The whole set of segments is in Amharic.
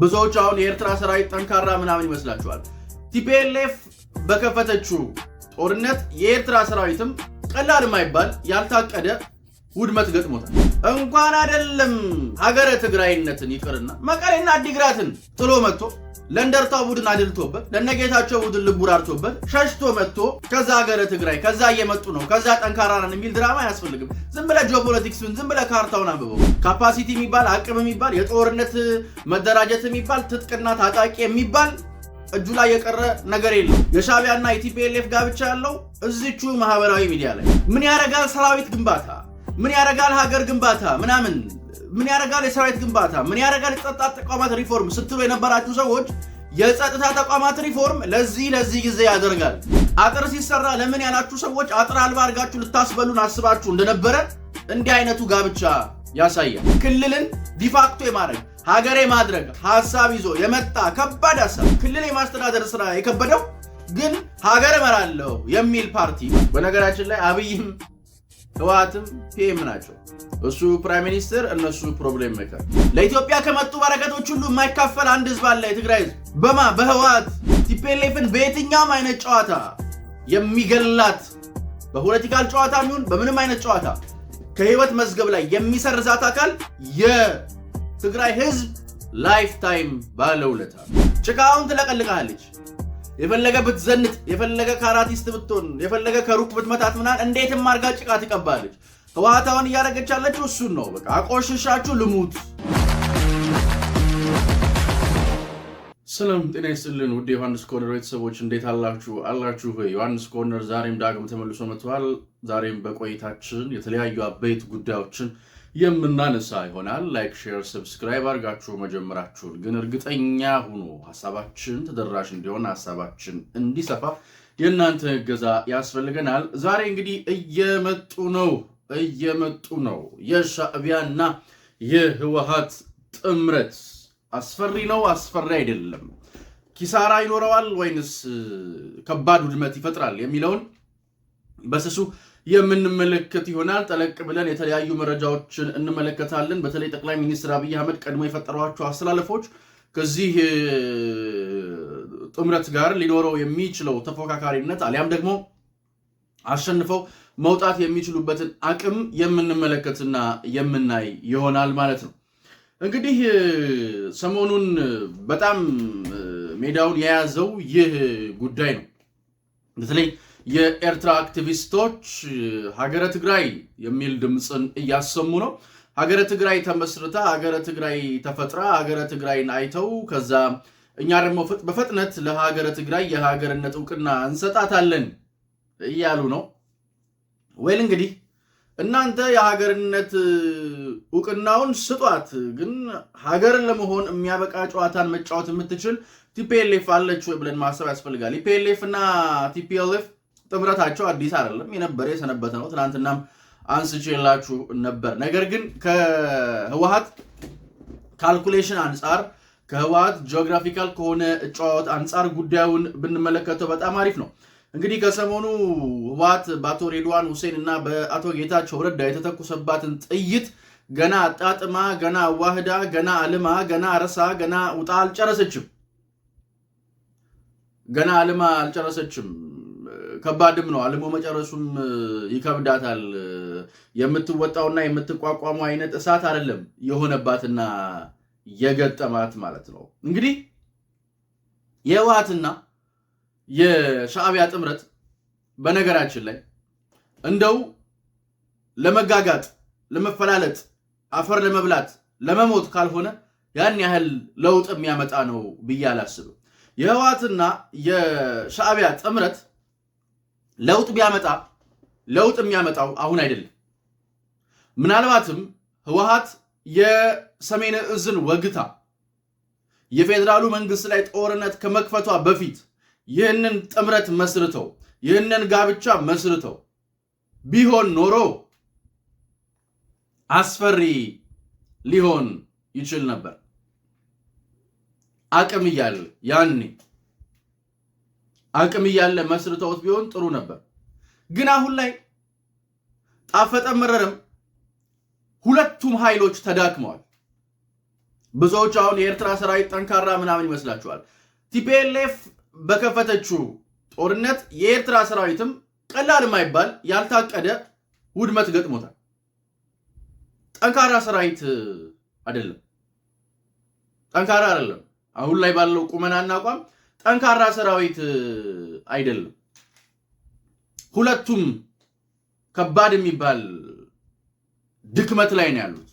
ብዙዎች አሁን የኤርትራ ሰራዊት ጠንካራ ምናምን ይመስላችኋል። ቲፒኤልኤፍ በከፈተችው ጦርነት የኤርትራ ሰራዊትም ቀላል የማይባል ያልታቀደ ውድመት ገጥሞታል። እንኳን አይደለም ሀገረ ትግራይነትን ይቅርና መቀሌና አዲግራትን ጥሎ መጥቶ ለእንደርታው ቡድን አድልቶበት ለነጌታቸው ቡድን ልቡር አርቶበት ሸሽቶ መጥቶ ከዛ ሀገረ ትግራይ ከዛ እየመጡ ነው ከዛ ጠንካራ ነን የሚል ድራማ አያስፈልግም። ዝም ብለ ጂኦፖለቲክስን ዝም ብለ ካርታውን አንብበው ካፓሲቲ የሚባል አቅም የሚባል የጦርነት መደራጀት የሚባል ትጥቅና ታጣቂ የሚባል እጁ ላይ የቀረ ነገር የለም። የሻቢያና የቲፒኤልኤፍ ጋብቻ ያለው እዚቹ ማህበራዊ ሚዲያ ላይ ምን ያደርጋል? ሰራዊት ግንባታ ምን ያደርጋል ሀገር ግንባታ ምናምን ምን ያደርጋል የሰራዊት ግንባታ ምን ያደርጋል የጸጥታ ተቋማት ሪፎርም ስትሉ የነበራችሁ ሰዎች የጸጥታ ተቋማት ሪፎርም ለዚህ ለዚህ ጊዜ ያደርጋል። አጥር ሲሰራ ለምን ያላችሁ ሰዎች አጥር አልባ አድርጋችሁ ልታስበሉን አስባችሁ እንደነበረ እንዲህ አይነቱ ጋብቻ ያሳያል። ክልልን ዲፋክቶ የማድረግ ሀገር የማድረግ ሀሳብ ይዞ የመጣ ከባድ ሀሳብ ክልል የማስተዳደር ስራ የከበደው ግን ሀገር እመራለሁ የሚል ፓርቲ በነገራችን ላይ አብይም ህወሓትም ፒኤም ናቸው። እሱ ፕራይም ሚኒስትር፣ እነሱ ፕሮብሌም ሜከር። ለኢትዮጵያ ከመጡ በረከቶች ሁሉ የማይካፈል አንድ ህዝብ አለ፣ የትግራይ ህዝብ። በማ በህወሓት ቲፔሌፍን በየትኛውም አይነት ጨዋታ የሚገላት በፖለቲካል ጨዋታ ይሁን በምንም አይነት ጨዋታ ከህይወት መዝገብ ላይ የሚሰርዛት አካል የትግራይ ህዝብ ላይፍ ታይም ባለውለታ ጭቃውን ትለቀልቃለች። የፈለገ ብትዘንጥ የፈለገ ካራቲስት ብትሆን የፈለገ ከሩቅ ብትመታት ምናምን እንዴትም አድርጋ ጭቃ ትቀባለች። ህዋታውን እያደረገች ያለችው እሱን ነው። በቃ አቆሽሻችሁ ልሙት። ሰላም ጤና ይስጥልን ውድ ዮሐንስ ኮርነር ቤተሰቦች እንዴት አላችሁ? አላችሁ ወይ? ዮሐንስ ኮርነር ዛሬም ዳግም ተመልሶ መጥቷል። ዛሬም በቆይታችን የተለያዩ አበይት ጉዳዮችን የምናነሳ ይሆናል። ላይክ፣ ሼር፣ ሰብስክራይብ አድርጋችሁ መጀመራችሁን ግን እርግጠኛ ሁኑ። ሀሳባችን ተደራሽ እንዲሆን ሀሳባችን እንዲሰፋ የእናንተ እገዛ ያስፈልገናል። ዛሬ እንግዲህ እየመጡ ነው እየመጡ ነው የሻዕቢያና የህወሓት ጥምረት አስፈሪ ነው አስፈሪ አይደለም፣ ኪሳራ ይኖረዋል ወይንስ ከባድ ውድመት ይፈጥራል የሚለውን በስሱ የምንመለከት ይሆናል። ጠለቅ ብለን የተለያዩ መረጃዎችን እንመለከታለን። በተለይ ጠቅላይ ሚኒስትር አብይ አህመድ ቀድሞ የፈጠሯቸው አስተላለፎች ከዚህ ጥምረት ጋር ሊኖረው የሚችለው ተፎካካሪነት አሊያም ደግሞ አሸንፈው መውጣት የሚችሉበትን አቅም የምንመለከትና የምናይ ይሆናል ማለት ነው። እንግዲህ ሰሞኑን በጣም ሜዳውን የያዘው ይህ ጉዳይ ነው። በተለይ የኤርትራ አክቲቪስቶች ሀገረ ትግራይ የሚል ድምፅን እያሰሙ ነው። ሀገረ ትግራይ ተመስርታ፣ ሀገረ ትግራይ ተፈጥራ፣ ሀገረ ትግራይን አይተው ከዛ እኛ ደግሞ በፍጥነት ለሀገረ ትግራይ የሀገርነት እውቅና እንሰጣታለን እያሉ ነው። ወይል እንግዲህ እናንተ የሀገርነት እውቅናውን ስጧት፣ ግን ሀገር ለመሆን የሚያበቃ ጨዋታን መጫወት የምትችል ቲፒኤልኤፍ አለች ወይ ብለን ማሰብ ያስፈልጋል። ኢፒኤልኤፍ እና ቲፒኤልኤፍ ጥምረታቸው አዲስ አይደለም፣ የነበረ የሰነበተ ነው። ትናንትናም አንስቼላችሁ ነበር። ነገር ግን ከህወሀት ካልኩሌሽን አንጻር ከህወሀት ጂኦግራፊካል ከሆነ ጨዋታ አንጻር ጉዳዩን ብንመለከተው በጣም አሪፍ ነው። እንግዲህ ከሰሞኑ ህወሀት በአቶ ሬድዋን ሁሴን እና በአቶ ጌታቸው ረዳ የተተኮሰባትን ጥይት ገና አጣጥማ፣ ገና አዋህዳ፣ ገና አልማ፣ ገና ረሳ፣ ገና ውጣ አልጨረሰችም። ገና አልማ አልጨረሰችም። ከባድም ነው። አልሞ መጨረሱም ይከብዳታል። የምትወጣውና የምትቋቋሙ አይነት እሳት አይደለም የሆነባትና የገጠማት ማለት ነው። እንግዲህ የህወሓትና የሻዕቢያ ጥምረት በነገራችን ላይ እንደው ለመጋጋጥ፣ ለመፈላለጥ፣ አፈር ለመብላት፣ ለመሞት ካልሆነ ያን ያህል ለውጥ የሚያመጣ ነው ብዬ አላስብም። የህወሓትና የሻዕቢያ ጥምረት ለውጥ ቢያመጣ ለውጥ የሚያመጣው አሁን አይደለም። ምናልባትም ህወሓት የሰሜን እዝን ወግታ የፌዴራሉ መንግስት ላይ ጦርነት ከመክፈቷ በፊት ይህንን ጥምረት መስርተው ይህንን ጋብቻ መስርተው ቢሆን ኖሮ አስፈሪ ሊሆን ይችል ነበር። አቅም እያለ ያኔ አቅም እያለ መስርተውት ቢሆን ጥሩ ነበር። ግን አሁን ላይ ጣፈጠ መረረም ሁለቱም ኃይሎች ተዳክመዋል። ብዙዎች አሁን የኤርትራ ሰራዊት ጠንካራ ምናምን ይመስላችኋል። ቲፒኤልኤፍ በከፈተችው ጦርነት የኤርትራ ሰራዊትም ቀላል የማይባል ያልታቀደ ውድመት ገጥሞታል። ጠንካራ ሰራዊት አይደለም፣ ጠንካራ አይደለም። አሁን ላይ ባለው ቁመናና አቋም ጠንካራ ሰራዊት አይደለም። ሁለቱም ከባድ የሚባል ድክመት ላይ ነው ያሉት።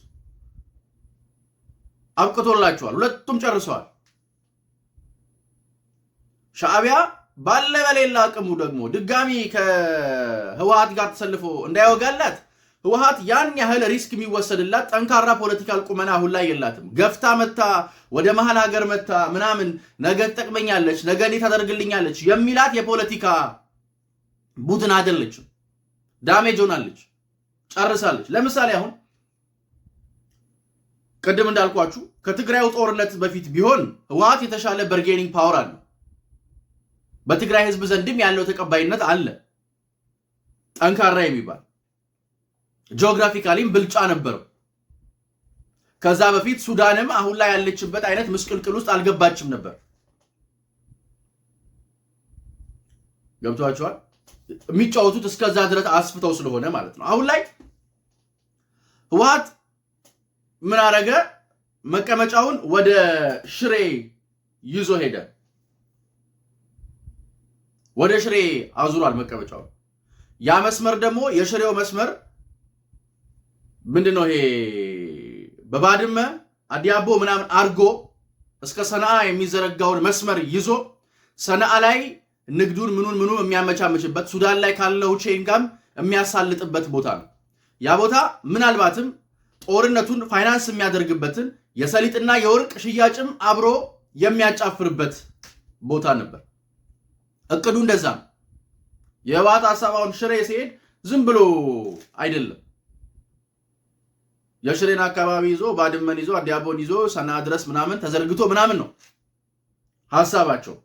አብቅቶላቸዋል። ሁለቱም ጨርሰዋል። ሻዕቢያ ባለ በሌላ አቅሙ ደግሞ ድጋሚ ከህወሓት ጋር ተሰልፎ እንዳይወጋላት ህወሀት ያን ያህል ሪስክ የሚወሰድላት ጠንካራ ፖለቲካል ቁመና አሁን ላይ የላትም። ገፍታ መታ ወደ መሀል ሀገር መታ ምናምን ነገ ትጠቅመኛለች፣ ነገ እኔ ታደርግልኛለች የሚላት የፖለቲካ ቡድን አይደለችም። ዳሜጅ ሆናለች፣ ጨርሳለች። ለምሳሌ አሁን ቅድም እንዳልኳችሁ ከትግራዩ ጦርነት በፊት ቢሆን ህወሀት የተሻለ በርጌኒንግ ፓወር አለው። በትግራይ ህዝብ ዘንድም ያለው ተቀባይነት አለ ጠንካራ የሚባል ጂኦግራፊካሊም ብልጫ ነበረው። ከዛ በፊት ሱዳንም አሁን ላይ ያለችበት አይነት ምስቅልቅል ውስጥ አልገባችም ነበር። ገብቷቸዋል። የሚጫወቱት እስከዛ ድረስ አስፍተው ስለሆነ ማለት ነው። አሁን ላይ ህወሓት ምን አረገ? መቀመጫውን ወደ ሽሬ ይዞ ሄደ። ወደ ሽሬ አዙሯል መቀመጫውን። ያ መስመር ደግሞ የሽሬው መስመር ምንድን ነው ይሄ በባድመ አዲያቦ ምናምን አድርጎ እስከ ሰነአ የሚዘረጋውን መስመር ይዞ ሰነአ ላይ ንግዱን ምኑን ምኑ የሚያመቻመችበት ሱዳን ላይ ካለው ቼን የሚያሳልጥበት ቦታ ነው። ያ ቦታ ምናልባትም ጦርነቱን ፋይናንስ የሚያደርግበትን የሰሊጥና የወርቅ ሽያጭም አብሮ የሚያጫፍርበት ቦታ ነበር። እቅዱ እንደዛ ነው። የህወሓት ሀሳብ አሁን ሽሬ ሲሄድ ዝም ብሎ አይደለም። የሽሬን አካባቢ ይዞ ባድመን ይዞ አዲያቦን ይዞ ሰና ድረስ ምናምን ተዘርግቶ ምናምን ነው ሀሳባቸው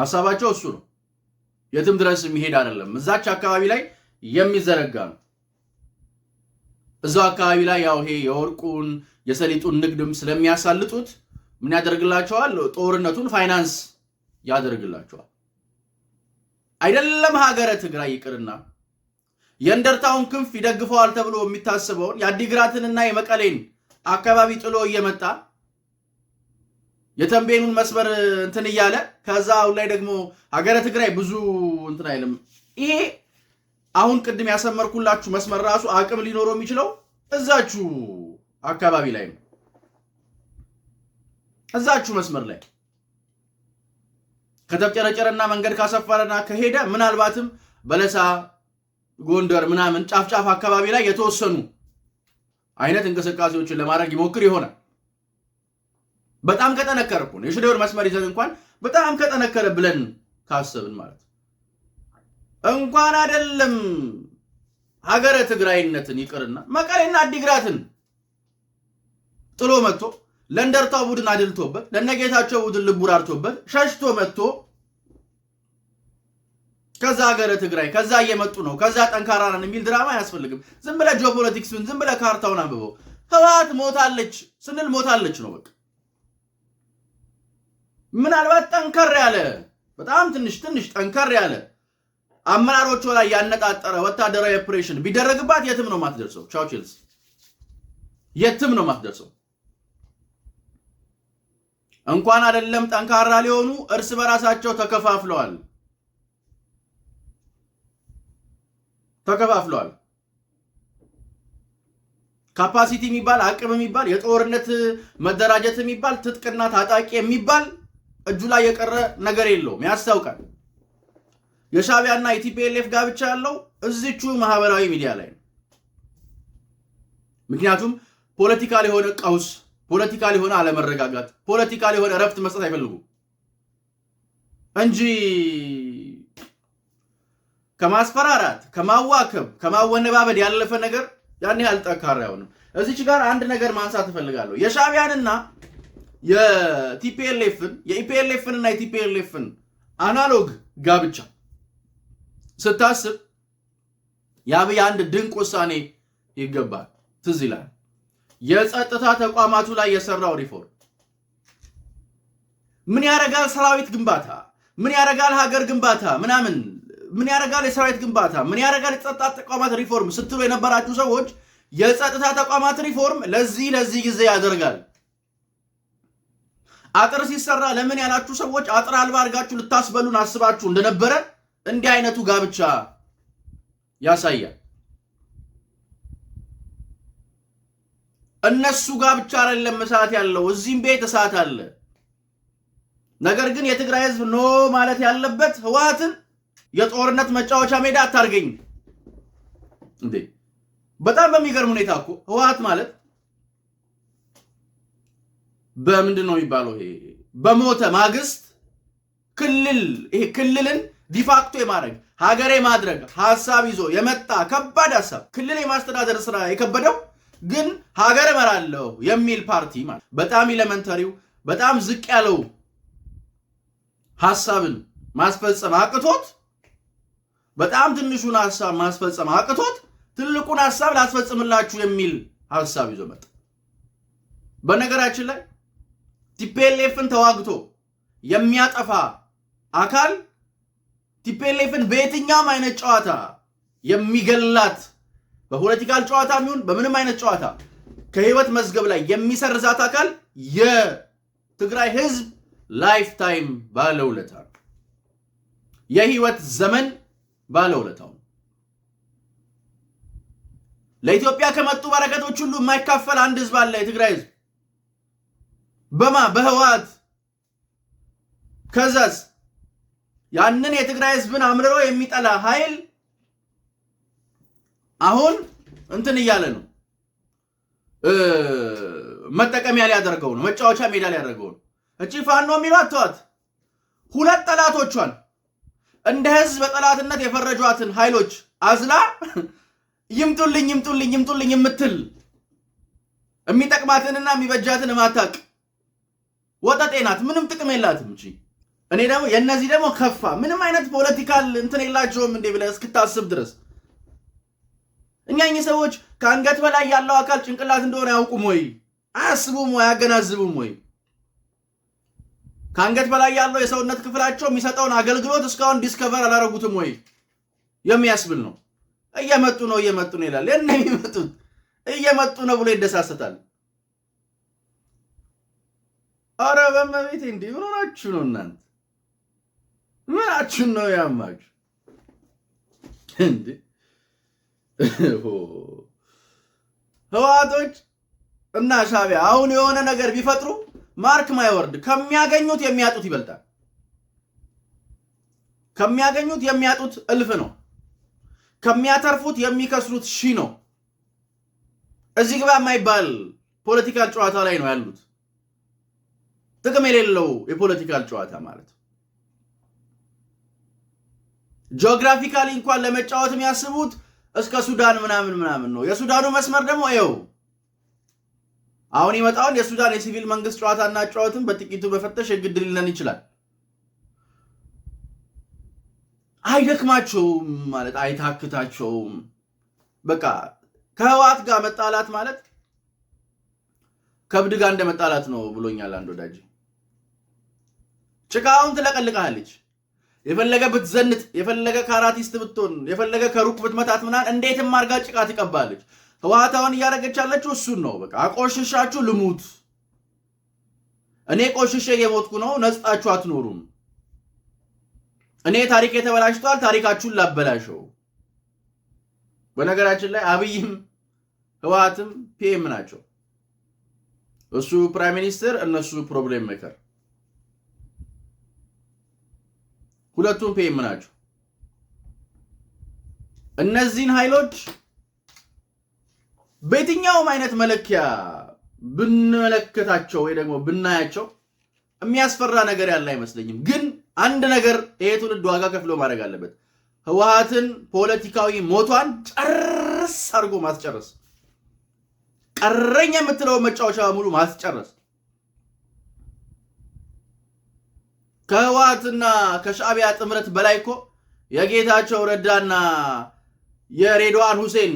ሀሳባቸው እሱ ነው። የትም ድረስ የሚሄድ አይደለም። እዛች አካባቢ ላይ የሚዘረጋ ነው። እዛው አካባቢ ላይ ያው ይሄ የወርቁን የሰሊጡን ንግድም ስለሚያሳልጡት ምን ያደርግላቸዋል? ጦርነቱን ፋይናንስ ያደርግላቸዋል። አይደለም ሀገረ ትግራይ ይቅርና የእንደርታውን ክንፍ ይደግፈዋል ተብሎ የሚታስበውን የአዲግራትንና የመቀሌን አካባቢ ጥሎ እየመጣ የተንቤኑን መስመር እንትን እያለ ከዛ አሁን ላይ ደግሞ ሀገረ ትግራይ ብዙ እንትን አይልም። ይሄ አሁን ቅድም ያሰመርኩላችሁ መስመር ራሱ አቅም ሊኖረው የሚችለው እዛችሁ አካባቢ ላይ ነው። እዛችሁ መስመር ላይ ከተጨረጨረና መንገድ ካሰፈረና ከሄደ ምናልባትም በለሳ ጎንደር ምናምን ጫፍጫፍ አካባቢ ላይ የተወሰኑ አይነት እንቅስቃሴዎችን ለማድረግ ይሞክር ይሆናል። በጣም ከጠነከረ እኮ ነው የሽዴውን መስመር ይዘን እንኳን በጣም ከጠነከረ ብለን ካሰብን ማለት እንኳን አይደለም ሀገረ ትግራይነትን ይቅርና መቀሌና አዲግራትን ጥሎ መጥቶ ለእንደርታው ቡድን አድልቶበት ለነጌታቸው ቡድን ልቡር አርቶበት ሸሽቶ መጥቶ ከዛ ሀገረ ትግራይ ከዛ እየመጡ ነው ከዛ ጠንካራ ነን የሚል ድራማ አያስፈልግም። ዝም ብለህ ጂኦፖለቲክስን ዝም ብለ ካርታውን አንብበው። ህወሓት ሞታለች ስንል ሞታለች ነው በቃ። ምናልባት ጠንከር ያለ በጣም ትንሽ ትንሽ ጠንከር ያለ አመራሮቿ ላይ ያነጣጠረ ወታደራዊ ኦፕሬሽን ቢደረግባት የትም ነው ማትደርሰው። ቻውችልስ የትም ነው ማትደርሰው። እንኳን አይደለም ጠንካራ ሊሆኑ እርስ በራሳቸው ተከፋፍለዋል። ተከፋፍሏል። ካፓሲቲ የሚባል አቅም የሚባል የጦርነት መደራጀት የሚባል ትጥቅና ታጣቂ የሚባል እጁ ላይ የቀረ ነገር የለውም። ያስታውቃል። የሻቢያና የቲፒኤልኤፍ ጋብቻ ያለው እዚቹ ማህበራዊ ሚዲያ ላይ ነው። ምክንያቱም ፖለቲካል የሆነ ቀውስ፣ ፖለቲካል የሆነ አለመረጋጋት፣ ፖለቲካል የሆነ እረፍት መስጠት አይፈልጉም እንጂ ከማስፈራራት፣ ከማዋከብ፣ ከማወነባበድ ያለፈ ነገር ያን ያህል ጠንካራ አይሆንም። እዚች ጋር አንድ ነገር ማንሳት እፈልጋለሁ። የሻቢያንና የቲፒኤልኤፍን የኢፒኤልኤፍን እና የቲፒኤልኤፍን አናሎግ ጋብቻ ስታስብ የአብይ አንድ ድንቅ ውሳኔ ይገባል ትዝ ይላል። የጸጥታ ተቋማቱ ላይ የሰራው ሪፎርም ምን ያደርጋል? ሰራዊት ግንባታ ምን ያደርጋል? ሀገር ግንባታ ምናምን ምን ያደርጋል የሰራዊት ግንባታ፣ ምን ያደርጋል የጸጥታ ተቋማት ሪፎርም ስትሉ የነበራችሁ ሰዎች የጸጥታ ተቋማት ሪፎርም ለዚህ ለዚህ ጊዜ ያደርጋል። አጥር ሲሰራ ለምን ያላችሁ ሰዎች አጥር አልባ አድርጋችሁ ልታስበሉን አስባችሁ እንደነበረ እንዲህ አይነቱ ጋብቻ ያሳያል። እነሱ ጋብቻ ብቻ አይደለም እሳት ያለው፣ እዚህም ቤት እሳት አለ። ነገር ግን የትግራይ ህዝብ ኖ ማለት ያለበት ህወሓትን የጦርነት መጫወቻ ሜዳ አታርገኝ እንዴ! በጣም በሚገርም ሁኔታ እኮ ህወሓት ማለት በምንድን ነው የሚባለው? ይሄ በሞተ ማግስት ክልል ይሄ ክልልን ዲፋክቶ የማድረግ ሀገር የማድረግ ሀሳብ ይዞ የመጣ ከባድ ሀሳብ ክልል የማስተዳደር ስራ የከበደው ግን ሀገር እመራለሁ የሚል ፓርቲ ማለት በጣም ኢለመንተሪው በጣም ዝቅ ያለው ሀሳብን ማስፈጸም አቅቶት በጣም ትንሹን ሀሳብ ማስፈጸም አቅቶት ትልቁን ሀሳብ ላስፈጽምላችሁ የሚል ሀሳብ ይዞ መጣ። በነገራችን ላይ ቲፔሌፍን ተዋግቶ የሚያጠፋ አካል ቲፔሌፍን በየትኛውም አይነት ጨዋታ የሚገላት በፖለቲካል ጨዋታ የሚሆን በምንም አይነት ጨዋታ ከህይወት መዝገብ ላይ የሚሰርዛት አካል የትግራይ ህዝብ ላይፍ ታይም ባለውለታ የህይወት ዘመን ባለውለታው ለኢትዮጵያ ከመጡ በረከቶች ሁሉ የማይካፈል አንድ ህዝብ አለ፣ የትግራይ ህዝብ በማ በህወሓት ከዛስ ያንን የትግራይ ህዝብን አምርሮ የሚጠላ ኃይል አሁን እንትን እያለ ነው። መጠቀሚያ ሊያደርገው ነው። መጫወቻ ሜዳ ሊያደርገው ነው። እቺ ፋኖ የሚሏት ተዋት። ሁለት ጠላቶቿን እንደ ህዝብ በጠላትነት የፈረጇትን ኃይሎች አዝላ ይምጡልኝ ይምጡልኝ ይምጡልኝ የምትል የሚጠቅማትንና የሚበጃትን ማታቅ ወጠጤ ናት። ምንም ጥቅም የላትም እንጂ እኔ ደግሞ የእነዚህ ደግሞ ከፋ። ምንም አይነት ፖለቲካል እንትን የላቸውም እንዴ ብለህ እስክታስብ ድረስ እኛ እኚህ ሰዎች ከአንገት በላይ ያለው አካል ጭንቅላት እንደሆነ አያውቁም ወይ? አያስቡም ወይ? አያገናዝቡም ወይ? ከአንገት በላይ ያለው የሰውነት ክፍላቸው የሚሰጠውን አገልግሎት እስካሁን ዲስከቨር አላረጉትም ወይ የሚያስብል ነው። እየመጡ ነው እየመጡ ነው ይላል። ያን የሚመጡት እየመጡ ነው ብሎ ይደሳሰታል። አረ በመቤት እንዲህ ምናችሁ ነው እናንተ ምናችሁን ነው ያማችሁ እንዴ? እና ሻቢያ አሁን የሆነ ነገር ቢፈጥሩ ማርክ ማይወርድ ከሚያገኙት የሚያጡት ይበልጣል። ከሚያገኙት የሚያጡት እልፍ ነው። ከሚያተርፉት የሚከስሩት ሺ ነው። እዚህ ግባ የማይባል ፖለቲካል ጨዋታ ላይ ነው ያሉት። ጥቅም የሌለው የፖለቲካል ጨዋታ ማለት ጂኦግራፊካሊ እንኳን ለመጫወት የሚያስቡት እስከ ሱዳን ምናምን ምናምን ነው። የሱዳኑ መስመር ደግሞ ይኸው አሁን ይመጣውን የሱዳን የሲቪል መንግስት ጨዋታና ጨዋትን በጥቂቱ በፈተሽ የግድ ሊለን ይችላል። አይደክማቸውም ማለት አይታክታቸውም። በቃ ከህወሓት ጋር መጣላት ማለት ከብድ ጋር እንደ መጣላት ነው ብሎኛል አንድ ወዳጅ። ጭቃውን ትለቀልቃለች የፈለገ ብትዘንጥ፣ የፈለገ ካራቲስት ብትሆን፣ የፈለገ ከሩቅ ብትመታት ምናምን እንዴትም አድርጋ ጭቃ ትቀባለች። ህወሓት አሁን እያደረገች ያለችው እሱን ነው። በቃ አቆሽሻችሁ ልሙት፣ እኔ ቆሽሼ እየሞትኩ ነው፣ ነጽጣችሁ አትኖሩም። እኔ ታሪክ የተበላሽቷል፣ ታሪካችሁን ላበላሸው። በነገራችን ላይ አብይም ህወሓትም ፒኤም ናቸው። እሱ ፕራይም ሚኒስትር፣ እነሱ ፕሮብሌም ሜከር። ሁለቱም ፒኤም ናቸው። እነዚህን ኃይሎች በየትኛውም አይነት መለኪያ ብንመለከታቸው ወይ ደግሞ ብናያቸው የሚያስፈራ ነገር ያለ አይመስለኝም። ግን አንድ ነገር ይሄ ትውልድ ዋጋ ከፍሎ ማድረግ አለበት። ህወሓትን ፖለቲካዊ ሞቷን ጨርስ አድርጎ ማስጨረስ፣ ቀረኝ የምትለው መጫወቻ ሙሉ ማስጨረስ፣ ከህወሓትና ከሻዕቢያ ጥምረት በላይ እኮ የጌታቸው ረዳና የሬድዋን ሁሴን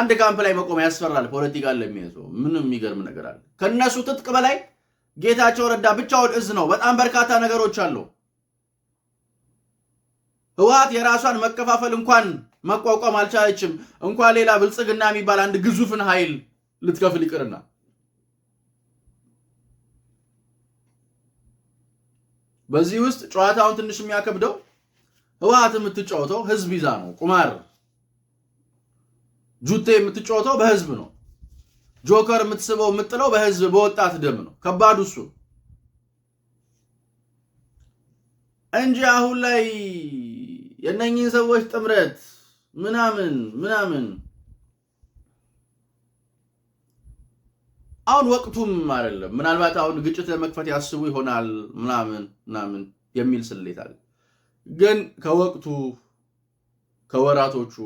አንድ ካምፕ ላይ መቆም ያስፈራል። ፖለቲካን ለሚያዙ ምንም የሚገርም ነገር አለ። ከነሱ ትጥቅ በላይ ጌታቸው ረዳ ብቻውን እዝ ነው። በጣም በርካታ ነገሮች አሉ። ህወሓት የራሷን መከፋፈል እንኳን መቋቋም አልቻለችም። እንኳን ሌላ ብልጽግና የሚባል አንድ ግዙፍን ኃይል ልትከፍል ይቅርና በዚህ ውስጥ ጨዋታውን ትንሽ የሚያከብደው ህወሓት የምትጫወተው ህዝብ ይዛ ነው ቁማር ጁቴ የምትጫወተው በህዝብ ነው። ጆከር የምትስበው የምጥለው በህዝብ በወጣት ደም ነው። ከባዱ እሱ እንጂ አሁን ላይ የእነኝህን ሰዎች ጥምረት ምናምን ምናምን አሁን ወቅቱም አይደለም። ምናልባት አሁን ግጭት ለመክፈት ያስቡ ይሆናል ምናምን ምናምን የሚል ስሌት አለ። ግን ከወቅቱ ከወራቶቹ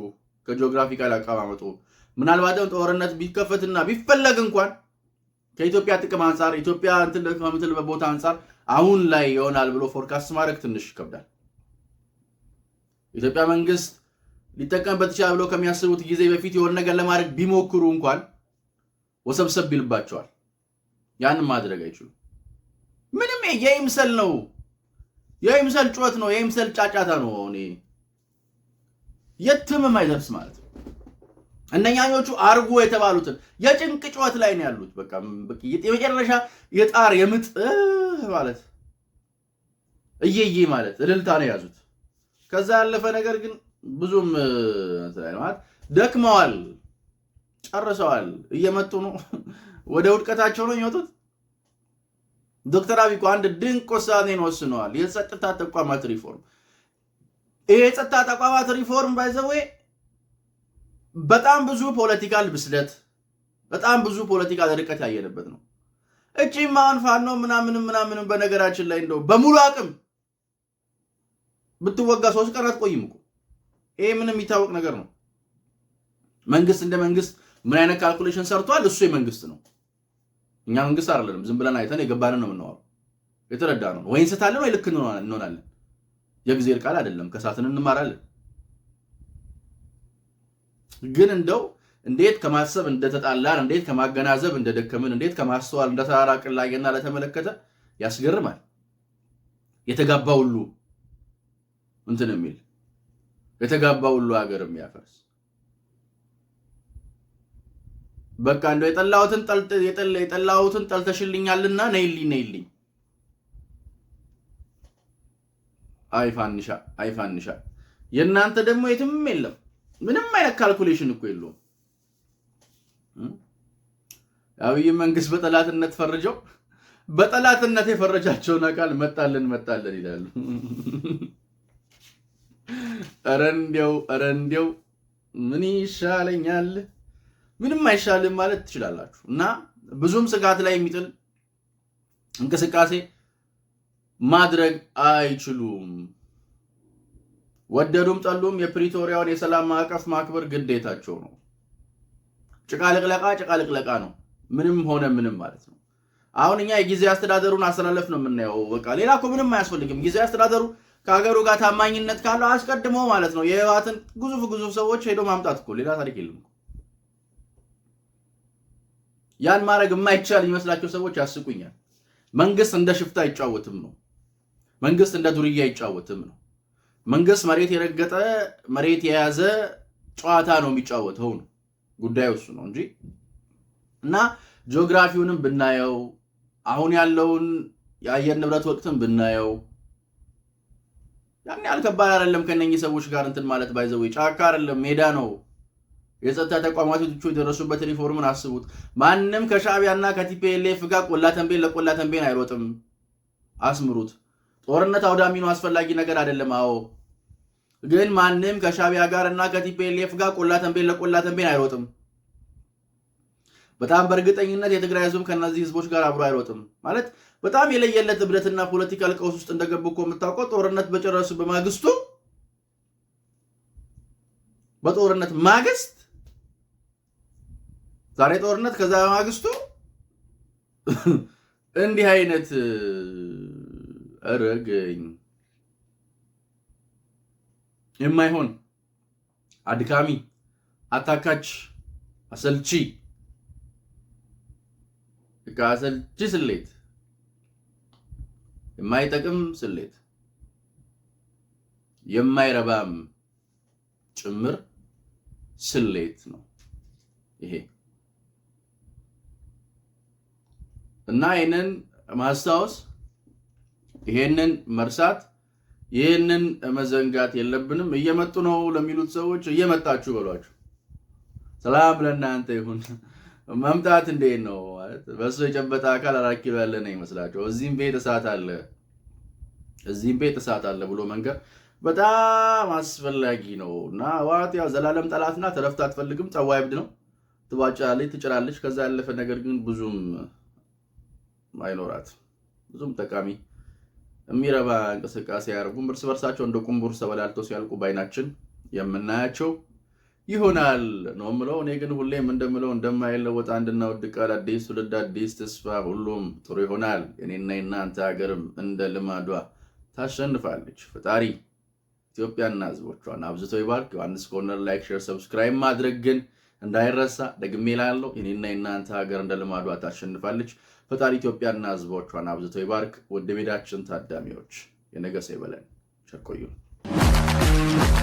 ከጂኦግራፊ ጋር አቀማመጡ ምናልባትም ጦርነት ቢከፈትና ቢፈለግ እንኳን ከኢትዮጵያ ጥቅም አንጻር ኢትዮጵያ እንትን ከምትልበት ቦታ አንጻር አሁን ላይ ይሆናል ብሎ ፎርካስት ማድረግ ትንሽ ይከብዳል። ኢትዮጵያ መንግስት ሊጠቀምበት ይችላል ብሎ ከሚያስቡት ጊዜ በፊት የሆነ ነገር ለማድረግ ቢሞክሩ እንኳን ወሰብሰብ ይልባቸዋል። ያንም ማድረግ አይችሉም። ምንም የይምሰል ነው፣ የይምሰል ጩኸት ነው፣ የይምሰል ጫጫታ ነው እኔ የትም አይደርስ ማለት ነው። እነኛኞቹ አርጎ የተባሉትን የጭንቅ ጩኸት ላይ ነው ያሉት። በቃ የመጨረሻ የጣር የምጥ ማለት እየዬ ማለት እልልታ ነው የያዙት። ከዛ ያለፈ ነገር ግን ብዙም ማለት ደክመዋል፣ ጨርሰዋል፣ እየመጡ ነው። ወደ ውድቀታቸው ነው የሚወጡት። ዶክተር አብይ እኮ አንድ ድንቅ ውሳኔን ወስነዋል። የጸጥታ ተቋማት ሪፎርም ይሄ የጸጥታ ተቋማት ሪፎርም ባይዘዌ በጣም ብዙ ፖለቲካል ብስለት፣ በጣም ብዙ ፖለቲካል ርቀት ያየንበት ነው። እጪ አሁን ፋኖ ምናምንም ምናምንም በነገራችን ላይ እንደው በሙሉ አቅም ብትወጋ ሶስት ቀን አትቆይም እኮ ይሄ ምንም የሚታወቅ ነገር ነው። መንግስት እንደ መንግስት ምን አይነት ካልኩሌሽን ሰርቷል? እሱ የመንግስት ነው። እኛ መንግስት አይደለንም። ዝም ብለን አይተን የገባንን ነው የምናወራው። የተረዳነው ወይ እንስታለን ወይ ልክ እንሆናለን። የእግዚአብሔር ቃል አይደለም። ከሳትን እንማራለን። ግን እንደው እንዴት ከማሰብ እንደተጣላን፣ እንዴት ከማገናዘብ እንደደከምን፣ እንዴት ከማስተዋል እንደተራራቅን ላየና ለተመለከተ ያስገርማል። የተጋባ ሁሉ እንትን የሚል የተጋባ ሁሉ ሀገር የሚያፈርስ በቃ እንደው የጠላሁትን ጠልተሽልኛልና ነይልኝ ነይልኝ አይፋንሻ አይፋንሻ የእናንተ ደግሞ የትም የለም። ምንም አይነት ካልኩሌሽን እኮ የለውም። አብይ መንግስት በጠላትነት ፈርጀው በጠላትነት የፈረጃቸውን አካል መጣልን መጣልን ይላሉ። ኧረ እንዲያው ኧረ እንዲያው ምን ይሻለኛል? ምንም አይሻልም ማለት ትችላላችሁ። እና ብዙም ስጋት ላይ የሚጥል እንቅስቃሴ ማድረግ አይችሉም። ወደዱም ጠሉም የፕሪቶሪያውን የሰላም ማዕቀፍ ማክበር ግዴታቸው ነው። ጭቃ ልቅለቃ ነው። ምንም ሆነ ምንም ማለት ነው። አሁን እኛ የጊዜ አስተዳደሩን አስተላለፍ ነው የምናየው። በቃ ሌላ እኮ ምንም አያስፈልግም። ጊዜ አስተዳደሩ ከሀገሩ ጋር ታማኝነት ካለው አስቀድሞ ማለት ነው የህወሓትን ግዙፍ ግዙፍ ሰዎች ሄዶ ማምጣት እኮ ሌላ ታሪክ የለም። ያን ማድረግ የማይቻል የሚመስላቸው ሰዎች ያስቁኛል። መንግስት እንደ ሽፍታ አይጫወትም ነው መንግስት እንደ ዱርዬ አይጫወትም ነው። መንግስት መሬት የረገጠ መሬት የያዘ ጨዋታ ነው የሚጫወተው ነው ጉዳዩ እሱ ነው እንጂ እና ጂኦግራፊውንም ብናየው አሁን ያለውን የአየር ንብረት ወቅትን ብናየው ያን ያህል ከባድ አይደለም። ከነኚህ ሰዎች ጋር እንትን ማለት ባይዘው ጫካ አይደለም ሜዳ ነው። የጸጥታ ተቋማት የደረሱበት ሪፎርምን አስቡት። ማንም ከሻዕቢያና ከቲፒኤልኤፍ ጋር ቆላ ተንቤን ለቆላ ተንቤን አይሮጥም። አስምሩት። ጦርነት አውዳሚ ነው፣ አስፈላጊ ነገር አይደለም። አዎ ግን ማንም ከሻቢያ ጋር እና ከቲፒኤልኤፍ ጋር ቆላ ተንቤን ለቆላ ተንቤን አይሮጥም። በጣም በእርግጠኝነት የትግራይ ህዝብም ከእነዚህ ህዝቦች ጋር አብሮ አይሮጥም። ማለት በጣም የለየለት እብደትና ፖለቲካል ቀውስ ውስጥ እንደገቡ እኮ የምታውቀው ጦርነት በጨረሱ በማግስቱ በጦርነት ማግስት ዛሬ ጦርነት ከዛ በማግስቱ እንዲህ አይነት እረገኝ። የማይሆን አድካሚ፣ አታካች፣ አሰልቺ አሰልቺ ስሌት፣ የማይጠቅም ስሌት፣ የማይረባም ጭምር ስሌት ነው ይሄ። እና ይህንን ማስታወስ ይሄንን መርሳት ይህንን መዘንጋት የለብንም። እየመጡ ነው ለሚሉት ሰዎች እየመጣችሁ በሏችሁ። ሰላም ለእናንተ ይሁን። መምጣት እንዴት ነው ማለት በእሱ የጨበጠ አካል አራት ኪሎ ያለ ነው ይመስላቸው። እዚህም ቤት እሳት አለ፣ እዚህም ቤት እሳት አለ ብሎ መንገር በጣም አስፈላጊ ነው እና ዋት ያው ዘላለም ጠላትና ተረፍት አትፈልግም። ጸዋይ ብድ ነው። ትባጫለች፣ ትጭራለች። ከዛ ያለፈ ነገር ግን ብዙም አይኖራት ብዙም ጠቃሚ የሚረባ እንቅስቃሴ አያደርጉም። እርስ በርሳቸው እንደ ቁንቡር ተበላልተው ሲያልቁ በዓይናችን የምናያቸው ይሆናል ነው ምለው። እኔ ግን ሁሌም እንደምለው እንደማይለወጥ አንድና ውድ ቃል አዲስ ትውልድ አዲስ ተስፋ፣ ሁሉም ጥሩ ይሆናል። የኔና የእናንተ ሀገርም እንደ ልማዷ ታሸንፋለች። ፈጣሪ ኢትዮጵያና ህዝቦቿን አብዝቶ ይባርክ። ዮሐንስ ኮርነር ላይክ፣ ሼር፣ ሰብስክራይብ ማድረግ ግን እንዳይረሳ። ደግሜ ላለው እኔና የእናንተ ሀገር እንደ ልማዷ ታሸንፋለች። ፈጣሪ ኢትዮጵያና ህዝቦቿን አብዝቶ ይባርክ። ወደ ሜዳችን ታዳሚዎች የነገሰ ይበለን። ቸር ቆዩን።